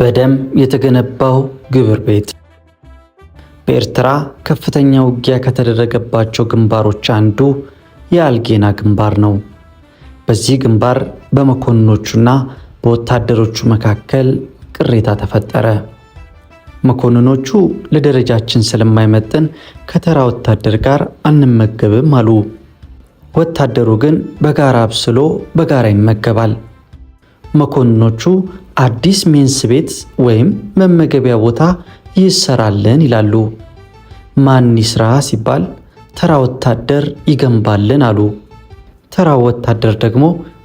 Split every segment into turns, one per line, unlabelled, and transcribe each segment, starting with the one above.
በደም የተገነባው ግብር ቤት በኤርትራ ከፍተኛ ውጊያ ከተደረገባቸው ግንባሮች አንዱ የአልጌና ግንባር ነው። በዚህ ግንባር በመኮንኖቹና በወታደሮቹ መካከል ቅሬታ ተፈጠረ። መኮንኖቹ ለደረጃችን ስለማይመጥን ከተራ ወታደር ጋር አንመገብም አሉ። ወታደሩ ግን በጋራ አብስሎ በጋራ ይመገባል። መኮንኖቹ አዲስ ሜንስ ቤት ወይም መመገቢያ ቦታ ይሰራልን ይላሉ። ማን ይስራ ሲባል ተራ ወታደር ይገንባልን አሉ። ተራ ወታደር ደግሞ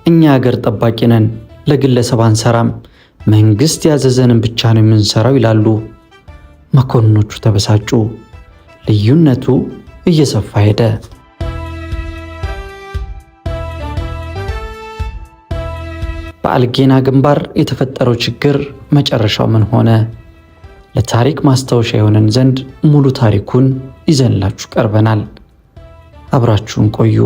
እኛ ሀገር ጠባቂ ነን፣ ለግለሰብ አንሰራም፣ መንግስት ያዘዘንን ብቻ ነው የምንሰራው ይላሉ። መኮንኖቹ ተበሳጩ። ልዩነቱ እየሰፋ ሄደ። በአልጌና ግንባር የተፈጠረው ችግር መጨረሻው ምን ሆነ? ለታሪክ ማስታወሻ የሆነን ዘንድ ሙሉ ታሪኩን ይዘንላችሁ ቀርበናል። አብራችሁን ቆዩ።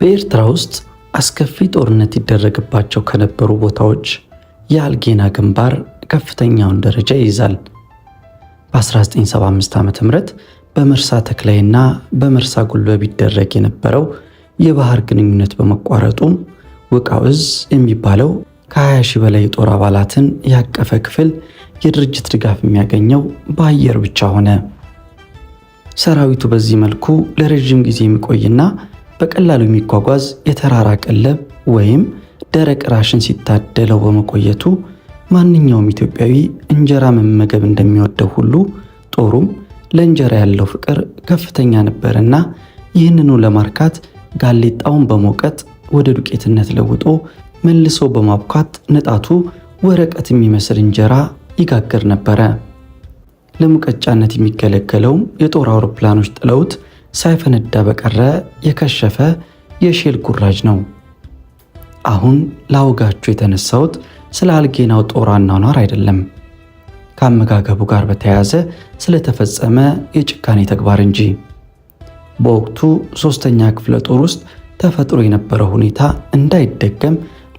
በኤርትራ ውስጥ አስከፊ ጦርነት ይደረግባቸው ከነበሩ ቦታዎች የአልጌና ግንባር ከፍተኛውን ደረጃ ይይዛል። በ1975 ዓ.ም በመርሳ ተክላይና በመርሳ ጉልበ ቢደረግ የነበረው የባህር ግንኙነት በመቋረጡም ውቃውዝ የሚባለው ከ20 ሺህ በላይ የጦር አባላትን ያቀፈ ክፍል የድርጅት ድጋፍ የሚያገኘው በአየር ብቻ ሆነ። ሰራዊቱ በዚህ መልኩ ለረዥም ጊዜ የሚቆይና በቀላሉ የሚጓጓዝ የተራራ ቀለብ ወይም ደረቅ ራሽን ሲታደለው በመቆየቱ ማንኛውም ኢትዮጵያዊ እንጀራ መመገብ እንደሚወደው ሁሉ ጦሩም ለእንጀራ ያለው ፍቅር ከፍተኛ ነበርና ይህንኑ ለማርካት ጋሌጣውን በመውቀጥ ወደ ዱቄትነት ለውጦ መልሶ በማብኳት ንጣቱ ወረቀት የሚመስል እንጀራ ይጋግር ነበረ። ለሙቀጫነት የሚገለገለውም የጦር አውሮፕላኖች ጥለውት ሳይፈነዳ በቀረ የከሸፈ የሼል ጉራጅ ነው። አሁን ላውጋችሁ የተነሳሁት ስለ አልጌናው ጦር አኗኗር አይደለም። ከአመጋገቡ ጋር በተያያዘ ስለተፈጸመ የጭካኔ ተግባር እንጂ። በወቅቱ ሶስተኛ ክፍለ ጦር ውስጥ ተፈጥሮ የነበረው ሁኔታ እንዳይደገም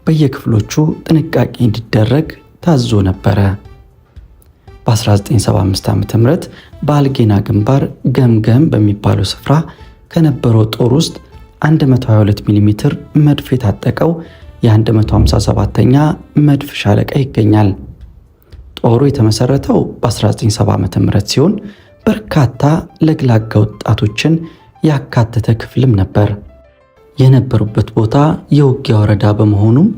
በየክፍሎቹ ጥንቃቄ እንዲደረግ ታዞ ነበረ። በ1975 ዓ ም በአልጌና ግንባር ገምገም በሚባለው ስፍራ ከነበረው ጦር ውስጥ 122 ሚሜ መድፍ የታጠቀው የ157ኛ መድፍ ሻለቃ ይገኛል። ጦሩ የተመሰረተው በ1970 ዓ ም ሲሆን በርካታ ለግላጋ ወጣቶችን ያካተተ ክፍልም ነበር። የነበሩበት ቦታ የውጊያ ወረዳ በመሆኑም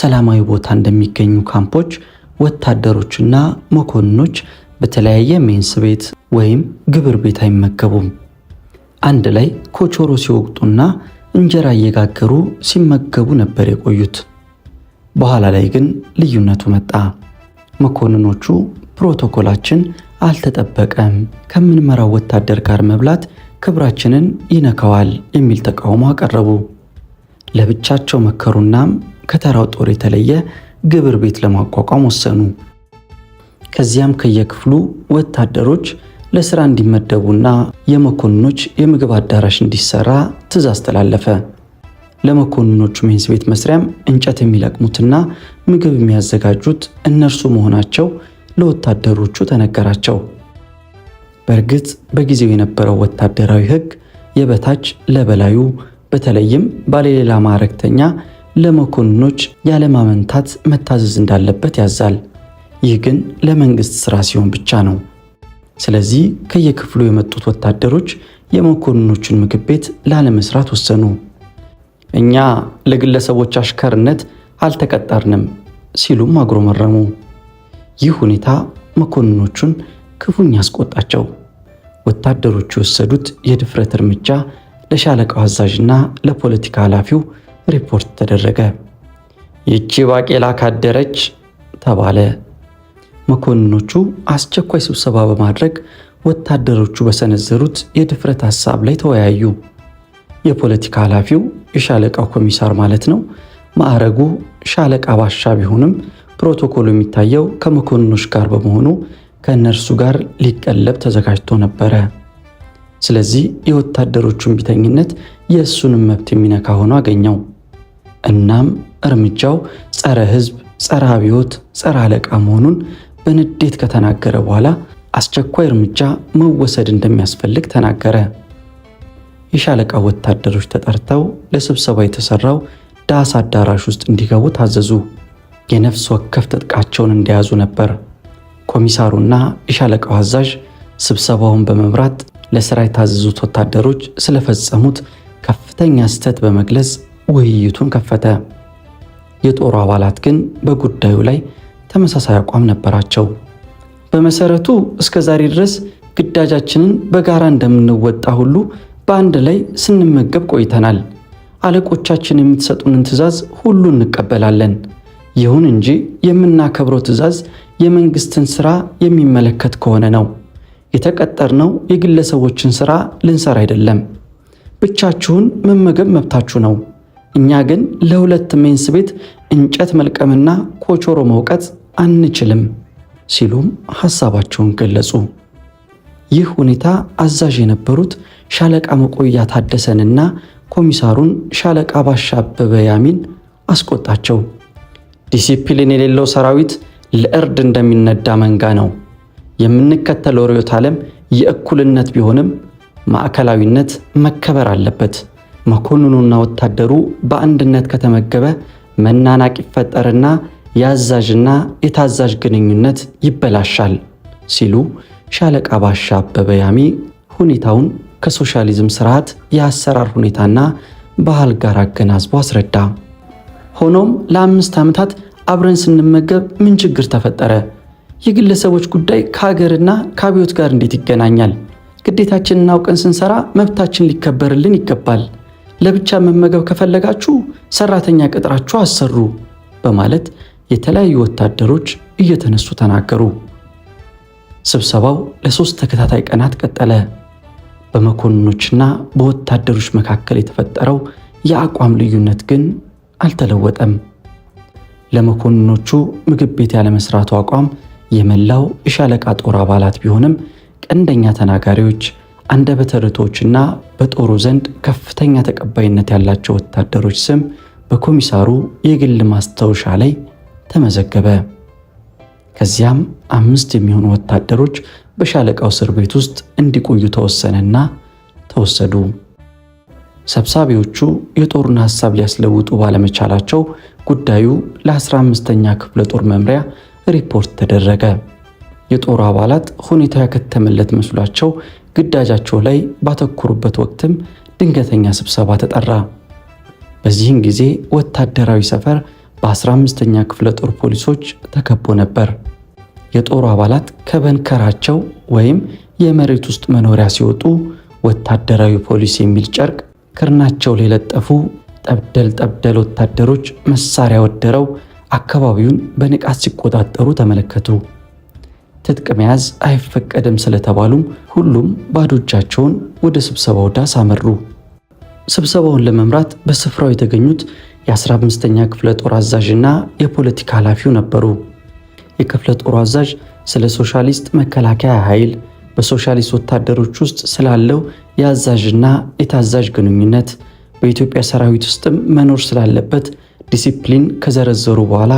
ሰላማዊ ቦታ እንደሚገኙ ካምፖች ወታደሮችና መኮንኖች በተለያየ ሜንስ ቤት ወይም ግብር ቤት አይመገቡም። አንድ ላይ ኮቾሮ ሲወቅጡና እንጀራ እየጋገሩ ሲመገቡ ነበር የቆዩት። በኋላ ላይ ግን ልዩነቱ መጣ። መኮንኖቹ ፕሮቶኮላችን አልተጠበቀም፣ ከምንመራው ወታደር ጋር መብላት ክብራችንን ይነካዋል የሚል ተቃውሞ አቀረቡ። ለብቻቸው መከሩናም ከተራው ጦር የተለየ ግብር ቤት ለማቋቋም ወሰኑ። ከዚያም ከየክፍሉ ወታደሮች ለስራ እንዲመደቡና የመኮንኖች የምግብ አዳራሽ እንዲሰራ ትዕዛዝ ተላለፈ። ለመኮንኖቹ ሜንስ ቤት መስሪያም እንጨት የሚለቅሙትና ምግብ የሚያዘጋጁት እነርሱ መሆናቸው ለወታደሮቹ ተነገራቸው። በእርግጥ በጊዜው የነበረው ወታደራዊ ሕግ የበታች ለበላዩ በተለይም ባለሌላ ማዕረግተኛ ለመኮንኖች ያለማመንታት መታዘዝ እንዳለበት ያዛል። ይህ ግን ለመንግስት ስራ ሲሆን ብቻ ነው። ስለዚህ ከየክፍሉ የመጡት ወታደሮች የመኮንኖቹን ምግብ ቤት ላለመስራት ወሰኑ። እኛ ለግለሰቦች አሽከርነት አልተቀጠርንም ሲሉም አጉረመረሙ። ይህ ሁኔታ መኮንኖቹን ክፉኛ ያስቆጣቸው። ወታደሮቹ የወሰዱት የድፍረት እርምጃ ለሻለቃው አዛዥና ለፖለቲካ ኃላፊው ሪፖርት ተደረገ። ይቺ ባቄላ ካደረች ተባለ። መኮንኖቹ አስቸኳይ ስብሰባ በማድረግ ወታደሮቹ በሰነዘሩት የድፍረት ሐሳብ ላይ ተወያዩ። የፖለቲካ ኃላፊው የሻለቃው ኮሚሳር ማለት ነው። ማዕረጉ ሻለቃ ባሻ ቢሆንም ፕሮቶኮሉ የሚታየው ከመኮንኖች ጋር በመሆኑ ከእነርሱ ጋር ሊቀለብ ተዘጋጅቶ ነበረ። ስለዚህ የወታደሮቹን ቢተኝነት የእሱንም መብት የሚነካ ሆኖ አገኘው። እናም እርምጃው ጸረ ህዝብ ጸረ አብዮት፣ ጸረ አለቃ መሆኑን በንዴት ከተናገረ በኋላ አስቸኳይ እርምጃ መወሰድ እንደሚያስፈልግ ተናገረ። የሻለቃ ወታደሮች ተጠርተው ለስብሰባ የተሰራው ዳስ አዳራሽ ውስጥ እንዲገቡ ታዘዙ። የነፍስ ወከፍ ትጥቃቸውን እንደያዙ ነበር። ኮሚሳሩና የሻለቃው አዛዥ ስብሰባውን በመምራት ለስራ የታዘዙት ወታደሮች ስለፈጸሙት ከፍተኛ ስህተት በመግለጽ ውይይቱን ከፈተ። የጦሩ አባላት ግን በጉዳዩ ላይ ተመሳሳይ አቋም ነበራቸው። በመሰረቱ እስከ ዛሬ ድረስ ግዳጃችንን በጋራ እንደምንወጣ ሁሉ በአንድ ላይ ስንመገብ ቆይተናል። አለቆቻችን የምትሰጡንን ትዕዛዝ ሁሉ እንቀበላለን። ይሁን እንጂ የምናከብረው ትዕዛዝ የመንግስትን ሥራ የሚመለከት ከሆነ ነው። የተቀጠርነው የግለሰቦችን ሥራ ልንሰራ አይደለም። ብቻችሁን መመገብ መብታችሁ ነው። እኛ ግን ለሁለት ሜንስ ቤት እንጨት መልቀምና ኮቾሮ መውቀት አንችልም ሲሉም ሐሳባቸውን ገለጹ። ይህ ሁኔታ አዛዥ የነበሩት ሻለቃ መቆያ ታደሰንና ኮሚሳሩን ሻለቃ ባሻ አበበ ያሚን አስቆጣቸው። ዲሲፕሊን የሌለው ሰራዊት ለእርድ እንደሚነዳ መንጋ ነው። የምንከተለው ርዕዮተ ዓለም የእኩልነት ቢሆንም ማዕከላዊነት መከበር አለበት። መኮንኑና ወታደሩ በአንድነት ከተመገበ መናናቅ ይፈጠርና የአዛዥና የታዛዥ ግንኙነት ይበላሻል ሲሉ ሻለቃ ባሻ አበበ ያሚ ሁኔታውን ከሶሻሊዝም ስርዓት የአሰራር ሁኔታና ባህል ጋር አገናዝቦ አስረዳ። ሆኖም ለአምስት ዓመታት አብረን ስንመገብ ምን ችግር ተፈጠረ? የግለሰቦች ጉዳይ ከሀገርና ከአብዮት ጋር እንዴት ይገናኛል? ግዴታችንን አውቀን ስንሰራ መብታችን ሊከበርልን ይገባል። ለብቻ መመገብ ከፈለጋችሁ ሰራተኛ ቅጥራችሁ አሰሩ በማለት የተለያዩ ወታደሮች እየተነሱ ተናገሩ። ስብሰባው ለሶስት ተከታታይ ቀናት ቀጠለ። በመኮንኖችና በወታደሮች መካከል የተፈጠረው የአቋም ልዩነት ግን አልተለወጠም። ለመኮንኖቹ ምግብ ቤት ያለመስራቱ አቋም የመላው የሻለቃ ጦር አባላት ቢሆንም ቀንደኛ ተናጋሪዎች፣ አንደበተ ርቱዓንና በጦሩ ዘንድ ከፍተኛ ተቀባይነት ያላቸው ወታደሮች ስም በኮሚሳሩ የግል ማስታወሻ ላይ ተመዘገበ። ከዚያም አምስት የሚሆኑ ወታደሮች በሻለቃው እስር ቤት ውስጥ እንዲቆዩ ተወሰነና ተወሰዱ። ሰብሳቢዎቹ የጦሩን ሐሳብ ሊያስለውጡ ባለመቻላቸው ጉዳዩ ለ15ኛ ክፍለ ጦር መምሪያ ሪፖርት ተደረገ። የጦሩ አባላት ሁኔታው ያከተመለት መስሏቸው ግዳጃቸው ላይ ባተኩሩበት ወቅትም ድንገተኛ ስብሰባ ተጠራ። በዚህም ጊዜ ወታደራዊ ሰፈር በ15ኛ ክፍለ ጦር ፖሊሶች ተከቦ ነበር። የጦሩ አባላት ከበንከራቸው ወይም የመሬት ውስጥ መኖሪያ ሲወጡ ወታደራዊ ፖሊስ የሚል ጨርቅ ክርናቸው ላይ ጠብደል ጠብደል ወታደሮች መሳሪያ ወደረው አካባቢውን በንቃት ሲቆጣጠሩ ተመለከቱ። ትጥቅ መያዝ አይፈቀደም ስለተባሉም ሁሉም ባዶ እጃቸውን ወደ ስብሰባው ዳስ አመሩ። ስብሰባውን ለመምራት በስፍራው የተገኙት የ15ኛ ክፍለ ጦር አዛዥና የፖለቲካ ኃላፊው ነበሩ። የክፍለ ጦሩ አዛዥ ስለ ሶሻሊስት መከላከያ ኃይል፣ በሶሻሊስት ወታደሮች ውስጥ ስላለው የአዛዥና የታዛዥ ግንኙነት፣ በኢትዮጵያ ሰራዊት ውስጥም መኖር ስላለበት ዲሲፕሊን ከዘረዘሩ በኋላ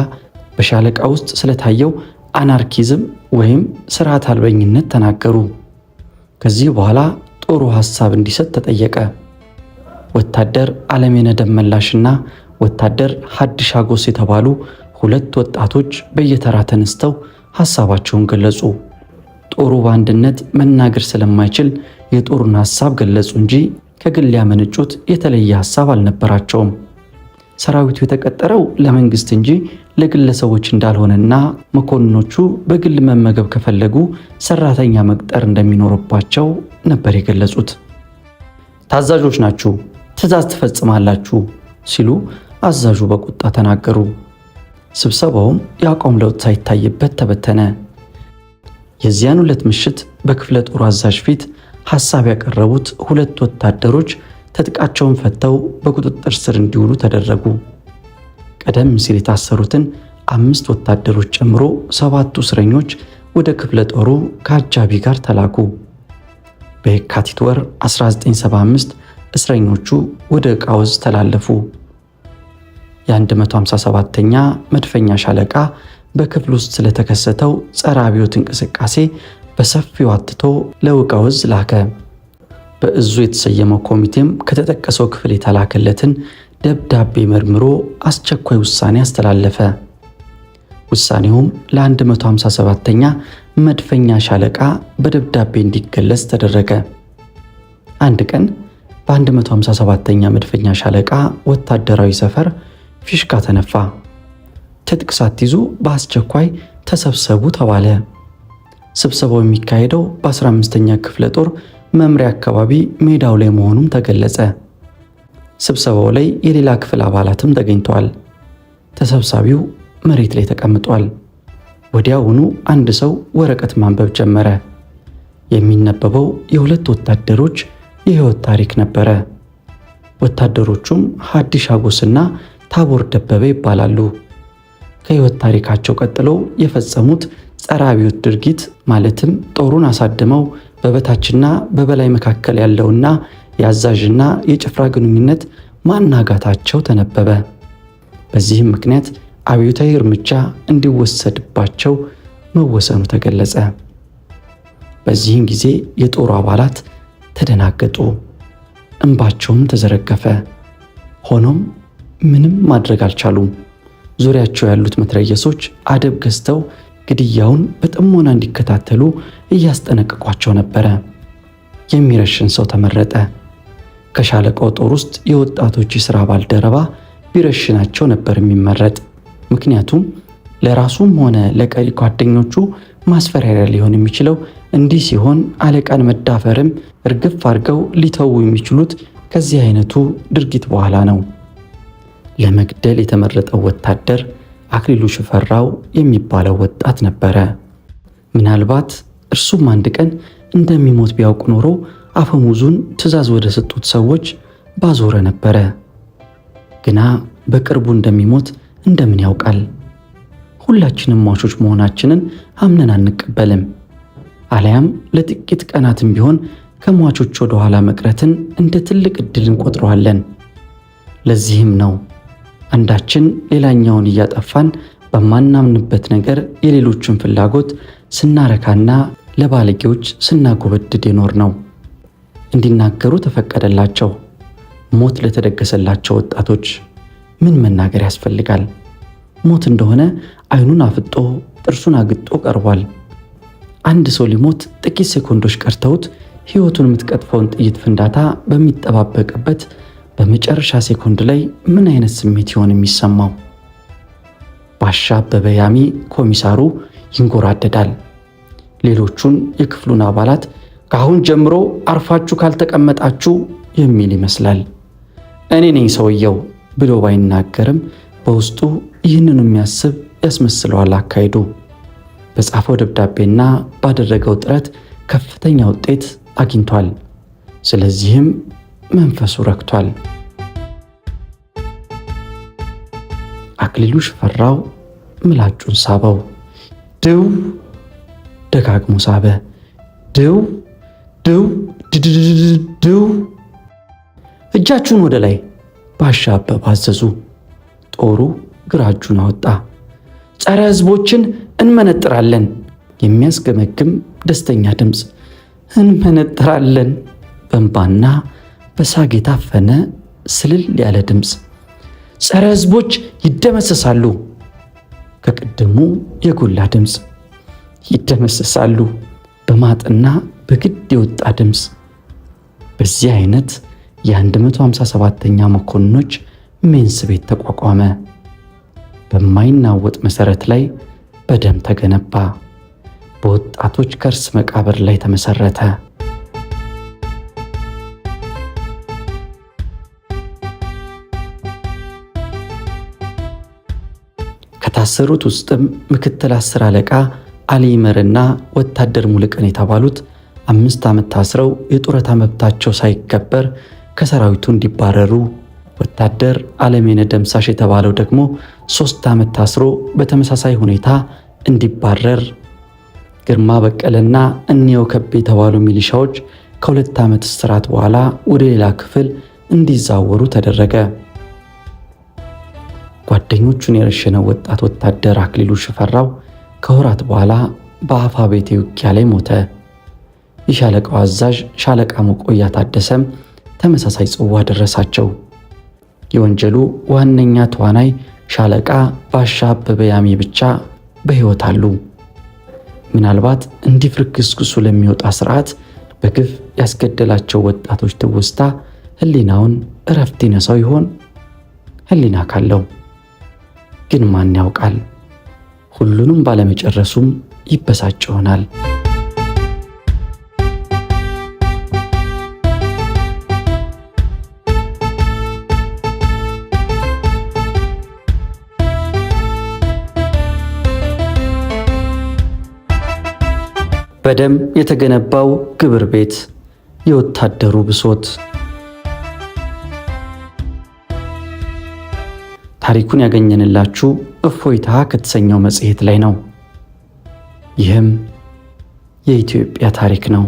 በሻለቃ ውስጥ ስለታየው አናርኪዝም ወይም ስርዓት አልበኝነት ተናገሩ። ከዚህ በኋላ ጦሩ ሐሳብ እንዲሰጥ ተጠየቀ። ወታደር አለሜነ ደመላሽና ወታደር ሀድሽ አጎስ የተባሉ ሁለት ወጣቶች በየተራ ተነስተው ሐሳባቸውን ገለጹ። ጦሩ በአንድነት መናገር ስለማይችል የጦሩን ሐሳብ ገለጹ እንጂ ከግል ያመነጩት የተለየ ሐሳብ አልነበራቸውም። ሰራዊቱ የተቀጠረው ለመንግስት እንጂ ለግለሰቦች እንዳልሆነና መኮንኖቹ በግል መመገብ ከፈለጉ ሰራተኛ መቅጠር እንደሚኖርባቸው ነበር የገለጹት። ታዛዦች ናችሁ፣ ትዕዛዝ ትፈጽማላችሁ ሲሉ አዛዡ በቁጣ ተናገሩ። ስብሰባውም የአቋም ለውጥ ሳይታይበት ተበተነ። የዚያን ሁለት ምሽት በክፍለ ጦሩ አዛዥ ፊት ሐሳብ ያቀረቡት ሁለት ወታደሮች ትጥቃቸውን ፈተው በቁጥጥር ስር እንዲውሉ ተደረጉ። ቀደም ሲል የታሰሩትን አምስት ወታደሮች ጨምሮ ሰባቱ እስረኞች ወደ ክፍለ ጦሩ ከአጃቢ ጋር ተላኩ። በየካቲት ወር 1975 እስረኞቹ ወደ ዕቃ ተላለፉ። የ157ኛ መድፈኛ ሻለቃ በክፍል ውስጥ ስለተከሰተው ጸረ አብዮት እንቅስቃሴ በሰፊው አትቶ ለውቀውዝ ላከ። በእዙ የተሰየመው ኮሚቴም ከተጠቀሰው ክፍል የተላከለትን ደብዳቤ መርምሮ አስቸኳይ ውሳኔ አስተላለፈ። ውሳኔውም ለ157ኛ መድፈኛ ሻለቃ በደብዳቤ እንዲገለጽ ተደረገ። አንድ ቀን በ157ኛ መድፈኛ ሻለቃ ወታደራዊ ሰፈር ፊሽካ ተነፋ። ትጥቅ ሳትይዙ በአስቸኳይ ተሰብሰቡ ተባለ። ስብሰባው የሚካሄደው በ15ኛ ክፍለ ጦር መምሪያ አካባቢ ሜዳው ላይ መሆኑም ተገለጸ። ስብሰባው ላይ የሌላ ክፍል አባላትም ተገኝተዋል። ተሰብሳቢው መሬት ላይ ተቀምጧል። ወዲያውኑ አንድ ሰው ወረቀት ማንበብ ጀመረ። የሚነበበው የሁለት ወታደሮች የህይወት ታሪክ ነበረ። ወታደሮቹም ሀዲሽ አጎስና ታቦር ደበበ ይባላሉ። ከህይወት ታሪካቸው ቀጥሎ የፈጸሙት ጸረ አብዮት ድርጊት ማለትም ጦሩን አሳድመው በበታችና በበላይ መካከል ያለውና የአዛዥና የጭፍራ ግንኙነት ማናጋታቸው ተነበበ። በዚህም ምክንያት አብዮታዊ እርምጃ እንዲወሰድባቸው መወሰኑ ተገለጸ። በዚህም ጊዜ የጦሩ አባላት ተደናገጡ፣ እንባቸውም ተዘረገፈ። ሆኖም ምንም ማድረግ አልቻሉም። ዙሪያቸው ያሉት መትረየሶች አደብ ገዝተው ግድያውን በጥሞና እንዲከታተሉ እያስጠነቅቋቸው ነበረ። የሚረሽን ሰው ተመረጠ። ከሻለቃው ጦር ውስጥ የወጣቶች የሥራ ባልደረባ ቢረሽናቸው ነበር የሚመረጥ። ምክንያቱም ለራሱም ሆነ ለቀሪ ጓደኞቹ ማስፈራሪያ ሊሆን የሚችለው እንዲህ ሲሆን፣ አለቃን መዳፈርም እርግፍ አድርገው ሊተዉ የሚችሉት ከዚህ አይነቱ ድርጊት በኋላ ነው። ለመግደል የተመረጠው ወታደር አክሊሉ ሽፈራው የሚባለው ወጣት ነበረ። ምናልባት እርሱም አንድ ቀን እንደሚሞት ቢያውቅ ኖሮ አፈሙዙን ትዕዛዝ ወደ ሰጡት ሰዎች ባዞረ ነበረ። ግና በቅርቡ እንደሚሞት እንደምን ያውቃል? ሁላችንም ሟቾች መሆናችንን አምነን አንቀበልም። አሊያም ለጥቂት ቀናትም ቢሆን ከሟቾች ወደ ኋላ መቅረትን እንደ ትልቅ ዕድል እንቆጥረዋለን። ለዚህም ነው አንዳችን ሌላኛውን እያጠፋን በማናምንበት ነገር የሌሎችን ፍላጎት ስናረካና ለባለጌዎች ስናጎበድድ የኖር ነው። እንዲናገሩ ተፈቀደላቸው። ሞት ለተደገሰላቸው ወጣቶች ምን መናገር ያስፈልጋል? ሞት እንደሆነ አይኑን አፍጦ ጥርሱን አግጦ ቀርቧል። አንድ ሰው ሊሞት ጥቂት ሴኮንዶች ቀርተውት ሕይወቱን የምትቀጥፈውን ጥይት ፍንዳታ በሚጠባበቅበት በመጨረሻ ሴኮንድ ላይ ምን አይነት ስሜት ይሆን የሚሰማው? ባሻ ያሚ ኮሚሳሩ ይንጎራደዳል። ሌሎቹን የክፍሉን አባላት ከአሁን ጀምሮ አርፋችሁ ካልተቀመጣችሁ የሚል ይመስላል። እኔ ነኝ ሰውየው ብሎ ባይናገርም በውስጡ ይህንን የሚያስብ ያስመስለዋል አካሄዱ። በጻፈው ደብዳቤና ባደረገው ጥረት ከፍተኛ ውጤት አግኝቷል። ስለዚህም መንፈሱ ረክቷል። አክሊሉ ሽፈራው ምላጩን ሳበው። ድው ደጋግሞ ሳበ። ድው ድው ድድድድድው እጃችሁን ወደ ላይ ባሻ አበብ አዘዙ። ጦሩ ግራ እጁን አወጣ። ጸረ ሕዝቦችን እንመነጥራለን። የሚያስገመግም ደስተኛ ድምፅ እንመነጥራለን በእንባና በሳግ የታፈነ ስልል ያለ ድምፅ ጸረ ህዝቦች ይደመሰሳሉ። ከቅድሙ የጎላ ድምፅ ይደመሰሳሉ። በማጥና በግድ የወጣ ድምፅ። በዚህ አይነት የ157ኛ መኮንኖች ሜንስ ቤት ተቋቋመ። በማይናወጥ መሰረት ላይ በደም ተገነባ። በወጣቶች ከርስ መቃብር ላይ ተመሰረተ። ከታሰሩት ውስጥም ምክትል አስር አለቃ አሊ መርና ወታደር ሙልቀን የተባሉት አምስት ዓመት ታስረው የጡረታ መብታቸው ሳይከበር ከሰራዊቱ እንዲባረሩ፣ ወታደር አለሜነ ደምሳሽ የተባለው ደግሞ ሶስት ዓመት ታስሮ በተመሳሳይ ሁኔታ እንዲባረር፣ ግርማ በቀለና እኔው ከቤ የተባሉ ሚሊሻዎች ከሁለት ዓመት እስራት በኋላ ወደ ሌላ ክፍል እንዲዛወሩ ተደረገ። ጓደኞቹን የረሸነው ወጣት ወታደር አክሊሉ ሽፈራው ከወራት በኋላ በአፋ ቤቴ ውጊያ ላይ ሞተ። የሻለቃው አዛዥ ሻለቃ መቆያ ታደሰም ተመሳሳይ ጽዋ ደረሳቸው። የወንጀሉ ዋነኛ ተዋናይ ሻለቃ ባሻ አበበ ያሜ ብቻ በሕይወት አሉ። ምናልባት እንዲህ ፍርክስክሱ ለሚወጣ ስርዓት በግፍ ያስገደላቸው ወጣቶች ትውስታ ህሊናውን እረፍት ይነሳው ይሆን? ህሊና ካለው ግን ማን ያውቃል? ሁሉንም ባለመጨረሱም ይበሳጭ ይሆናል። በደም የተገነባው ግብር ቤት የወታደሩ ብሶት ታሪኩን ያገኘንላችሁ እፎይታ ከተሰኘው መጽሔት ላይ ነው። ይህም የኢትዮጵያ ታሪክ ነው።